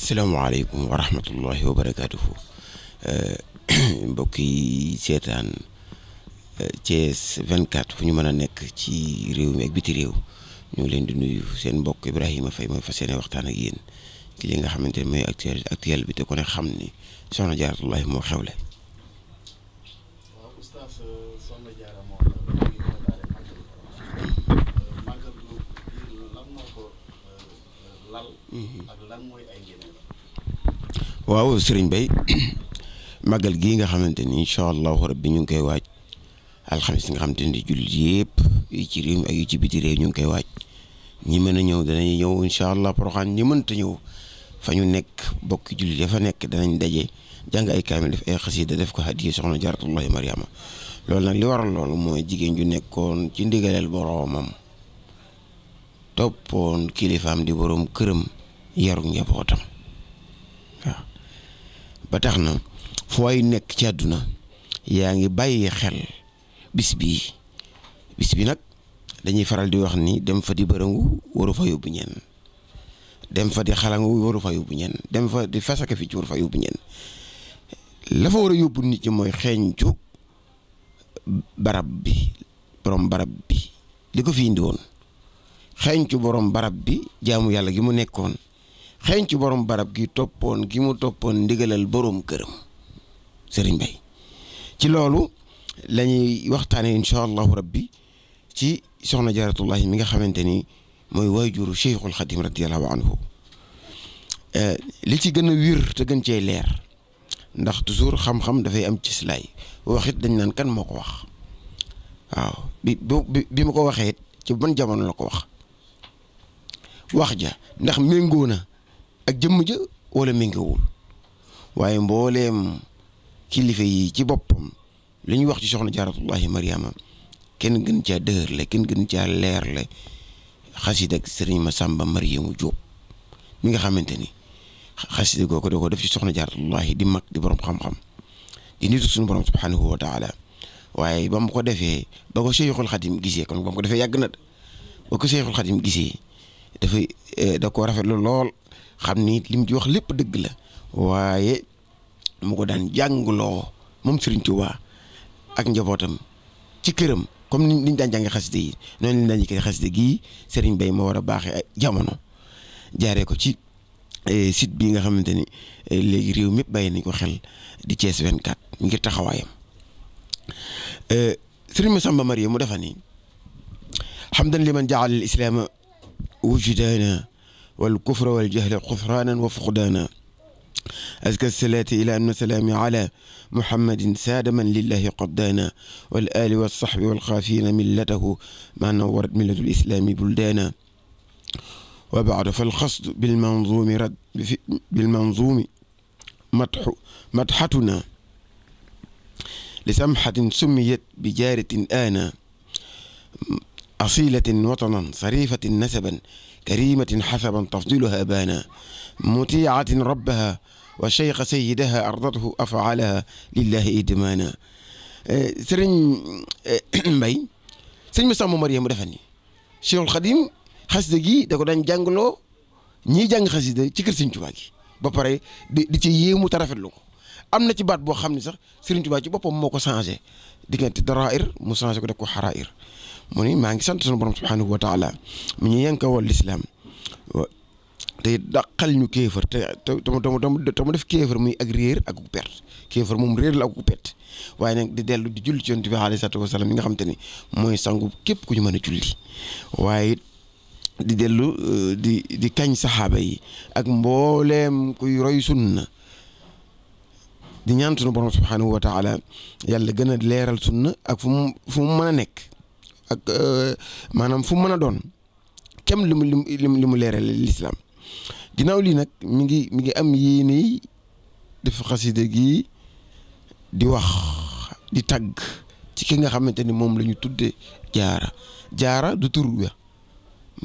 asalaamaaleykum wa rahmatullahi wa barakaatuhu eh, mbokk yi seetaan eh, Thiès 24 fu ñu mën a nekk ci réew mi ak biti réew ñoo ngi leen di nuyu seen mbokk Ibrahima Faye ma fa yéene waxtaan ak yéen ci li nga xamante ne mooy actuel actuel bi te ko ne xam ni soxna Jaaratullahi moo xewle. ak mooy ay waaw sëriñ Bay màggal gii nga xamante ni incha allahu rabbi ñu ngi koy waaj alxamis nga xamante ni jullit yëpp yi ci réew mi ak yi ci biti réew ñu ngi koy waaj ñi mën a ñëw danañ ñëw incha allah Porokhane ñi mënta ñëw fa ñu nekk bokki jullit ya fa nekk danañ daje jàng ay kaamil def ay xasida def ko hadiya soxna jaaratullahi Mariama loolu nag li waral loolu mooy jigéen ju nekkoon ci ndigaleel boroomam toppoon kilifaam di boroom këram yaru njabootam waaw ba tax na fooy nekk ci àdduna yaa ngi bàyyi xel bis bii bis bi nag dañuy faral di wax ni dem fa di bërëngu waru fa yóbbu ñenn dem fa di xalangu waru fa yóbbu ñenn dem fa di fasaka ci waru fa yóbbu ñenn la fa war a yóbbu nit ñi mooy xeeñcu barab bi borom barab bi li ko fi indi woon xeeñcu borom barab bi jaamu yàlla gi mu nekkoon. xeeñ ci borom barab gi toppoon gi mu toppoon ndigalal boroomu këram sëriñ Bay ci loolu lañuy ñuy waxtaanee incha allahu rabbi ci soxna Jaaratullahi mi nga xamante ni mooy waajuru Cheikhul Xadim radiyallahu anhu eh, li ci gën a wiir te gën cee leer ndax toujours xam-xam dafay am ci silaay wax dañ naan kan moo ko wax waaw bi bi bi ma ko waxee it ci ban jamono la ko wax wax ja ndax méngoo na ak jëmm ja wala méngewul waaye mbooleem kilifa yi ci boppam li ñu wax ci soxna jaaratullahi mariama kenn gën caa dëër le kenn gën caa leer le xasida ak sëriñ Masamba Mariamu Jóob mi nga xamante ni xasida googu da ko def ci soxna jaaratullahi di mag di borom xam-xam di nitu suñu borom subhanahu wa taala waaye ba ko defee ba ko Seexul Xadim gisee kon ba mu ko defee yàgg na ba ko Seexul Xadim gisee dafa eh, da ko rafetlu lool xam ni lim ji wax lépp dëgg la waaye mu ko daan jàngloo moom Serigne Touba ak njabootam ci këram comme ni ñu daan jàngi xaside yi noonu lañ daan yëkkati xaside gii Serigne Baye moo war a baaxee jamono jaaree ko ci e, site bi nga xamante ni e, léegi réew mépp bàyyi nañ ko xel di Thiès 24 ngir taxawaayam e, Serigne Massamba Marie mu defa ni hamdan liman jaala al islaama wujudaana wal kufra wal jahla xufraanan wa fuqdaana aska salaati ilaa amna salaami ala muhammadin saada man lillahi qabdaana wal aali wa saxbi wal xaafiina millatahu maa nawarat millatul islaami buldaana wa baada fal xasdu bil manzuumi rad bil manzuumi matxu matxatuna li samxatin summiyat bi jaaritin aana asilatin watanan sarifatin nasaban كريمة حسبا تفضيلها بانا مطيعة ربها وشيخ سيدها أرضته أفعالها لله إدمانا sëriñ Mbaye sëriñ Moussa Momar mu defe nii Cheikhul Khadim xasida gi da ko daan jàngaloo ñiy jàng xasida ci kër Sëriñ Tuubaa gi ba pare di di ci yéemu te rafetlu ko am na ci baat boo xam ne sax Sëriñ Tuubaa ci boppam moo ko changé diggante daraa'ir mu changé ko def ko xaraa'ir mu maa ngi sant sunu borom subhaanahu wa taala mu ñu yankawal lislaam te mu ak réer ak ku perte kéefar waaye nag di dellu di julli ci yonent bi alayhi salaatu nga xam ni mooy sangu képp ku ñu mën a julli waaye di dellu euh, di kañ saxaaba yi ak mbooleem kuy roy sunna di ñaan borom subhaanahu wa taala yàlla gën a leeral sunna ak fu mu fu a nekk. ak euh, maanaam fu mu mën a doon kem li mu li mu li mu leeral lislaam ginnaaw lii nag mi ngi mi ngi am yéene def xasida gi di wax di tagg ci ki nga xamante ni moom la ñu tudde jaara jaara du tur wa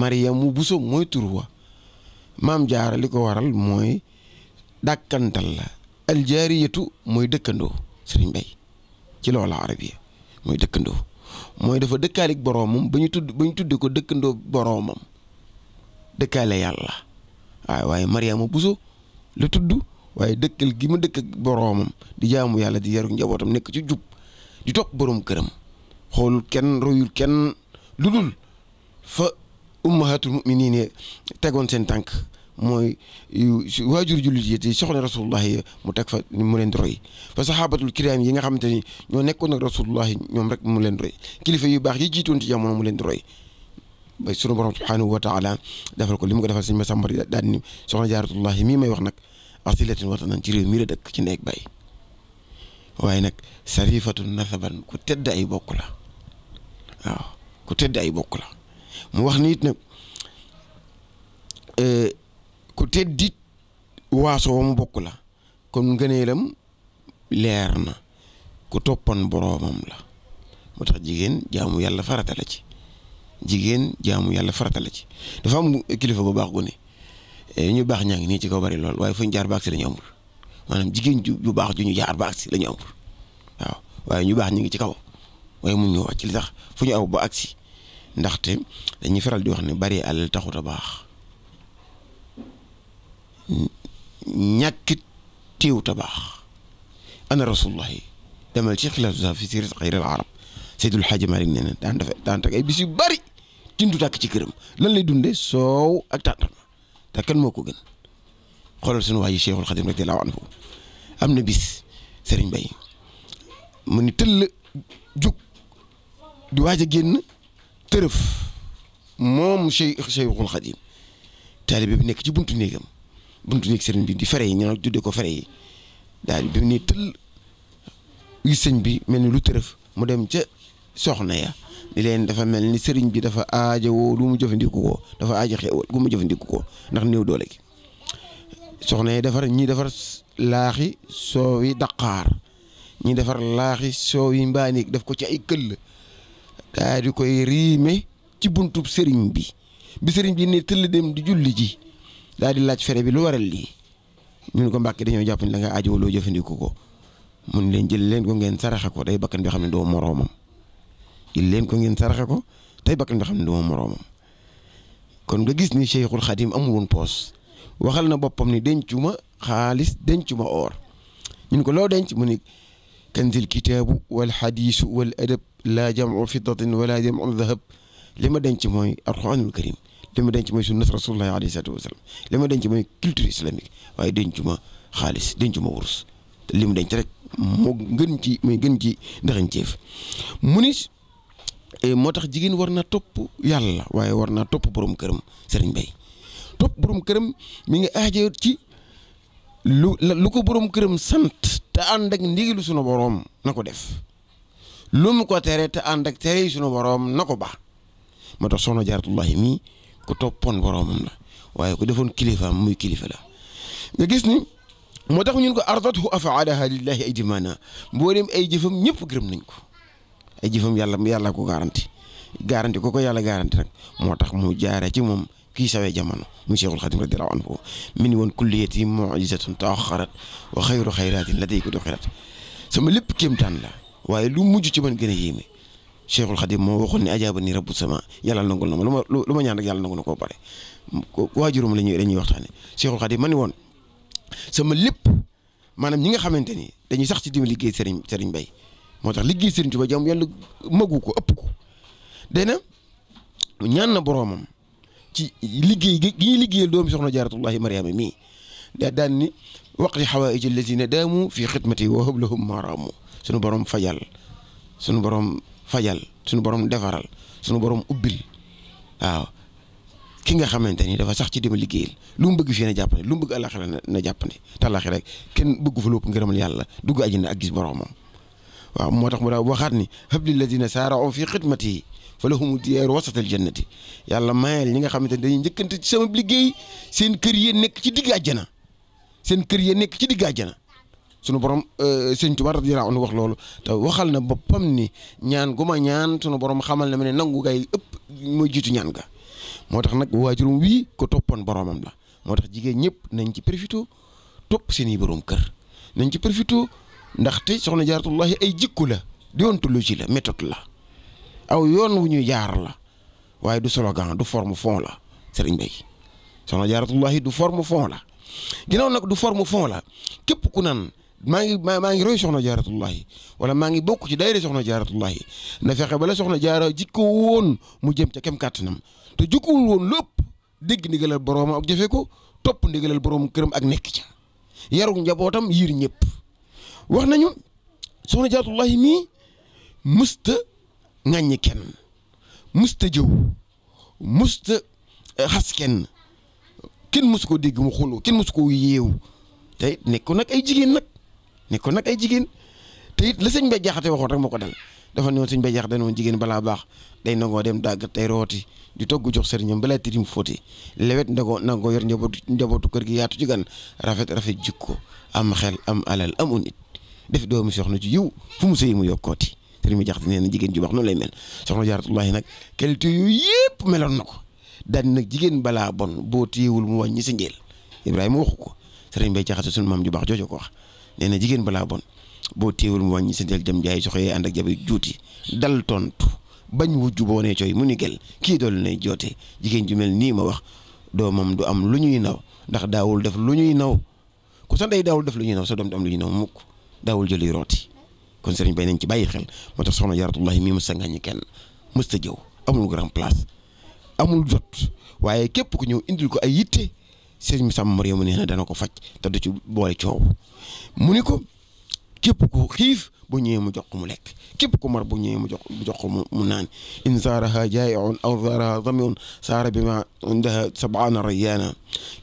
Mariyamu Buso mooy tur wa maam jaara li ko waral mooy dàkkantal la aljaariyatu mooy dëkkandoo sëriñ bay ci loola arabiya mooy dëkkandoo mooy dafa dëkkaalik boroomam ba ñu tudd ba ñu tudde ko dëkkandoo boroomam dëkkaale yàlla waaye waaye Mariama Bousso la tudd waaye dëkkal gi ma dëkk ak boroomam di jaamu yàlla di yaru njabootam nekk ci jub di topp boroom këram xoolul kenn royul kenn lu dul fa ummahatul muminine tegoon seen tànk mooy waajur jullit yi te soxna rasulullah yi mu teg fa mu leen di roy fa saxaabatul kiraam yi nga xamante ni ñoo nekkoon ak rasulullah ñoom rek mu leen roy kilifa yu baax yi jiitoon ci jamono mu leen di roy ba sunu borom subhaanahu wa taala defal ko li mu ko defal sëñ ma sàmbar daal ni soxna jaaratullah mii may wax nag asilatin watanan ci réew mii la dëkk ci neeg bay waaye nag sarifatun nasaban ku tedd ay bokk la ay bokk la mu wax nit nag euh, ku teddit waaso wa mu bokk la kon ngëneelam leer na ku toppan boroomam la moo tax jigéen jaamu yàlla farata la ci jigéen jaamu yàlla farata ci dafa kilifa bu baax gu ne eh, ñu baax ñaa ngi nii ci kaw bari lool waaye fu ñu jaar ba agsi la ñu amul maanaam jigéen ju baax ju ñu jaar ba agsi la ñu amul waaw waaye ñu baax ñu ngi ci kaw waaye mun ñu wàcc li tax fu ñu aw ba agsi ndaxte dañuy faral di wax ne bari alal taxut baax. ñàkkit téew ta baax ana rasulullahi demal ci xilaasu fi sirat xayril arab Seydul Xaaji Maalik nee na daan dafa daan bari tindu tàkk ci këram lan lay dunde soow ak tàndarma te moo ko gën xoolal sunu waa yi Cheikhul Xadim radiyallaahu anhu am na bis Serigne Baye mu ni tëll jug di waaj a génn tërëf moom Cheikh Cheikhul Xadim taalibe bi nekk ci buntu néegam buñ tuddee sëriñ bi di fere yi ñu ko fere yi daal bi ne tëll gis sëñ bi mel ni lu tërëf mu dem ca soxna ya ni leen dafa mel ni sëriñ bi dafa aajowoo lu mu jëfandiku ko dafa aajo xewal gu mu jëfandiku ko ndax néew doole gi soxna yi defar ñi defar laaxi soow yi daqaar ñi defar laaxi soow yi mbaanik def ko ci ay këll daal di koy riime ci buntub sëriñ bi bi sëriñ bi ne tëll dem di julli ji daal di laaj fere bi lu waral lii ñun ko mbàkk dañoo jàpp ne da nga aajowoo jëfandiku ko mun leen jël leen ko ngeen saraxe ko day bakkan bi xam ne doo moroomam jël leen ko ngeen saraxe ko day bakkan bi xam ne doo moroomam kon nga gis ni Cheikhul Khadim amul woon poos waxal na boppam ni dencuma xaalis dencuma or ñun ko loo denc mu ni kanzil kitaabu wal xadiisu wal adab laa jamcu fiddatin wala jamcu dahab li ma denc mooy alquraanul karim li ma denc mooy sunnat rasulullahi alayhi salaatu wasalaam li ma denc mooy culture islamique waaye dencu ma xaalis dencu ma wurus li mu denc rek moo gën ci mooy gën ci ndaxañ ceef mu ni eh, moo tax jigéen war naa topp yàlla waaye war naa topp borom këram sëriñ Bay topp borom këram mi ngi aajo ci lu lu ko borom këram sant te ànd ak ndigalu sunu boroom na ko def lu mu ko tere te ànd ak tere sunu boroom na ko baax moo tax soxna jaaratullahi mii ku toppoon boroomam la waaye ku defoon kilifaam muy kilifa la nga gis ni moo tax ñun ko ardathu afaalaha lillahi ay dimana mboolem ay jëfam ñëpp gërëm nañ ko ay jëfam yàlla yàlla ko garanti garanti ko ko yàlla garanti nag moo tax mu jaare ci moom kii sawee jamono mu cheikhul xadim radiallahu anhu min woon kulliyati mojisatun taaxarat wa xayru xayratin la day ko doxirat sama lépp kéemtaan la waaye lu mujj ci man gën a yéeme Cheikhul Khadim moo waxoon ne ajaaba ni rabbu sama yàlla nangul na ma lu ma lu ma ñaan rek yàlla nangu na koo pare waajuram la ñuy la ñuy waxtaane Cheikhul Khadim ma ni woon sama lépp maanaam ñi nga xamante ni dañuy sax ci dimbali liggéey Serigne Serigne Baye moo tax liggéey Serigne Touba jàmm yàlla magu ko ëpp ko day na ñaan na boroomam ci liggéey gi ñuy liggéeyal doomi soxna jaaratullahi mariama mii daa daan ni waqti xawaïj allazina daamu fi xidmati wa hablahum maraamu sunu borom fajal sunu borom fajal suñu borom defaral suñu borom ubbil waaw ki nga xamante ni dafa sax ci dima liggéey lu mu bëgg fii na jàpp ne lu mu bëgg àllaxira na jàpp ne tàllaxi rek kenn bëgg fa lépp ngërëmal yàlla dugg àjjana ak gis boromam waaw moo tax mu daa waxaat ni hab lilladina saara'u fi xidmati fa lahumu diyaaru wasatal jannati yàlla mayel ñi nga xamante ni dañuy njëkkante ci sama liggéey seen kër yee nekk ci digg àjjana seen kër yee nekk ci digg àjjana sunu borom euh, sëñ Tuubaa radiyallaahu anhu wax loolu te waxal na boppam ni ñaan gu ma ñaan sunu borom xamal na ma nangu gay ëpp mooy jiitu ñaan ga moo tax nag waajurum wii ko toppoon boroomam la moo tax jigéen ñëpp nañ ci profité topp seen i borom kër nañ ci profité ndaxte soxna jaaratullahi ay jikku la ci la méthode la aw yoon wu ñuy jaar la waaye du solo slogan du forme fond la sëriñ Bay soxna jaaratullahi du forme fond la ginnaaw nag du forme fond la képp ku nan maa ngi maa ngi roy soxna jaaratullahi wala maa ngi bokk ci day daayira soxna jaaratullahi na fexe ba la soxna jaara jikko woon mu jëm ca kem kàttanam te jukkuwul woon lépp dégg ndigalal boroom ak jëfe ko topp ndigalal boroom këram ak nekk ca yarug njabootam yiir ñëpp wax nañu soxna jaaratullahi mii musta ŋàññi kenn musta jëw musta eh, xas kenn kenn musu ko dégg mu xuloo kenn musu ko yeewu te nekk nag ay jigéen nag nekkoon nag ay jigéen te it la sëñ Bay Jaxate waxoon rek moo ko dal dafa ne woon sëñ Bay Jaxate ne woon jigéen balaa baax day nangoo dem dàggat tay rooti di togg jox sëriñam balaa tirim fóoti lewet ndagoo nangoo yor njabootu njabootu kër gi yaatu ci gan rafet rafet jikko am xel am alal amoon it def doomi soxna ci yiw fu mu sëy mu yokkooti sëriñ Bay Jaxate nee na jigéen ju baax noonu lay mel soxna jaaratullahi nag qualité yu yëpp meloon na ko daan nag jigéen balaa bon boo téyewul mu wàññi sa njël Ibrahima waxu ko sëriñ Bay Jaxate sunu maam ju baax joojo ko wax nee na jigéen balaa bon boo téewul mu wàññi sa del dem jaay soxee ànd ak jabe juuti dal tontu bañ wujj boo nee mu ni gel kii dool na joote jigéen ju mel nii ma wax doomam du am lu ñuy naw ndax daawul def lu ñuy naw ko sa ndey daawul def lu ñuy naw sa doom du am lu ñuy naw mukk daawul jëluy yi kon sëriñ bay nañ ci bàyyi xel moo tax soxna Jaaratullaahi mii mu a ngàññi kenn mës ta amul grand place amul jot waaye képp ku ñëw indil ko ay yitte sëñ Sam Mariama nee na dana ko faj te du ci boole coow mu ni ko képp ku xiif bu ñëwee mu jox ko mu lekk képp ku mar bu ñëwee mu jox mu jox ko mu naan in saaraha jaa'iun aw saaraha damiun saara bi ma indaha sabaana rayyaana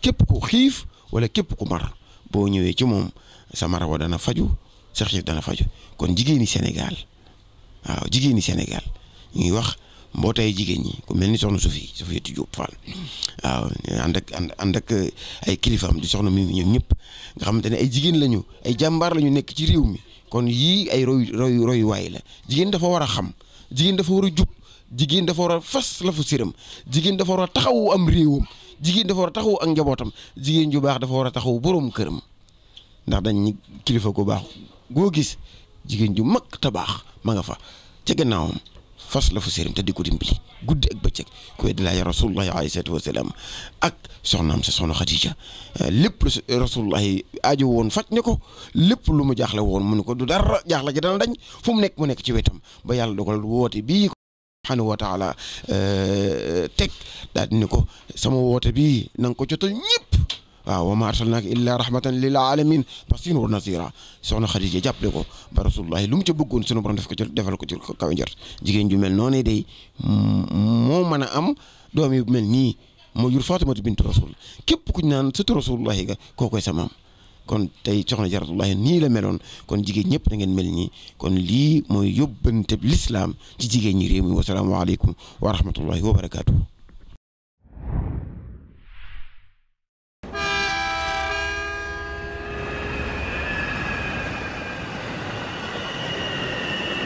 képp ku xiif wala képp ku mar boo ñëwee ci moom sa mar wa dana faju sa xiif dana faju kon jigéeni Sénégal waaw jigéeni Sénégal ñuy mbootaayu jigéen ñi ku mel ni soxna Sophie Sophie Diop Fall waaw ànd ak ànd ak eh, ay kilifaam di soxna mi ñoom ñëpp nga xamante ne ay jigéen lañu ay jàmbaar lañu nekk ci réew mi kon yii ay roy roy la jigéen dafa war a xam jigéen dafa war a jub jigéen dafa war a fas la fu siram jigéen dafa war a taxawu am réewam jigéen dafa war a taxawu ak njabootam jigéen ju baax dafa war a taxawu boroom këram ndax dañ kilifa gu baax goo gis jigéen ju mag te baax ma nga fa ca gannaawam fas la fu séerim te di ko dimbali guddi ak bëccëg ku weddi laay rasulullahi alayhi soxnaam sa soxna Xadija eh, lépp lu rasulullahi aajo woon faj ne ko lépp lu mu jaaxle woon mu ne ko du dara jaaxle ji dana dañ fu mu nekk mu nekk ci wetam ba yàlla dogal woote bii subhaanahu wa taala eh, teg daal di ko sama woote bii na ko jotal ñëpp waaw wa ma arsalnaaka illaa rahmatan lil alamin basiran wa nazira soxna Xadija jàppale ko ba rasulullahi lu mu ca bëggoon sunu borom def ko ci defal ko ci jigéen ju mel noonu day moo mën a am doom yu mel nii moo jur Faatimatu bintu rasul képp ku ñu naan sëtu rasulullahi ga koo koy sa kon tey soxna Jaratullahi nii la meloon kon jigéen ñëpp da ngeen mel nii kon lii mooy yóbbante lislaam ci jigéen ñi réew mi wasalaamualeykum wa rahmatullahi wa barakaatu.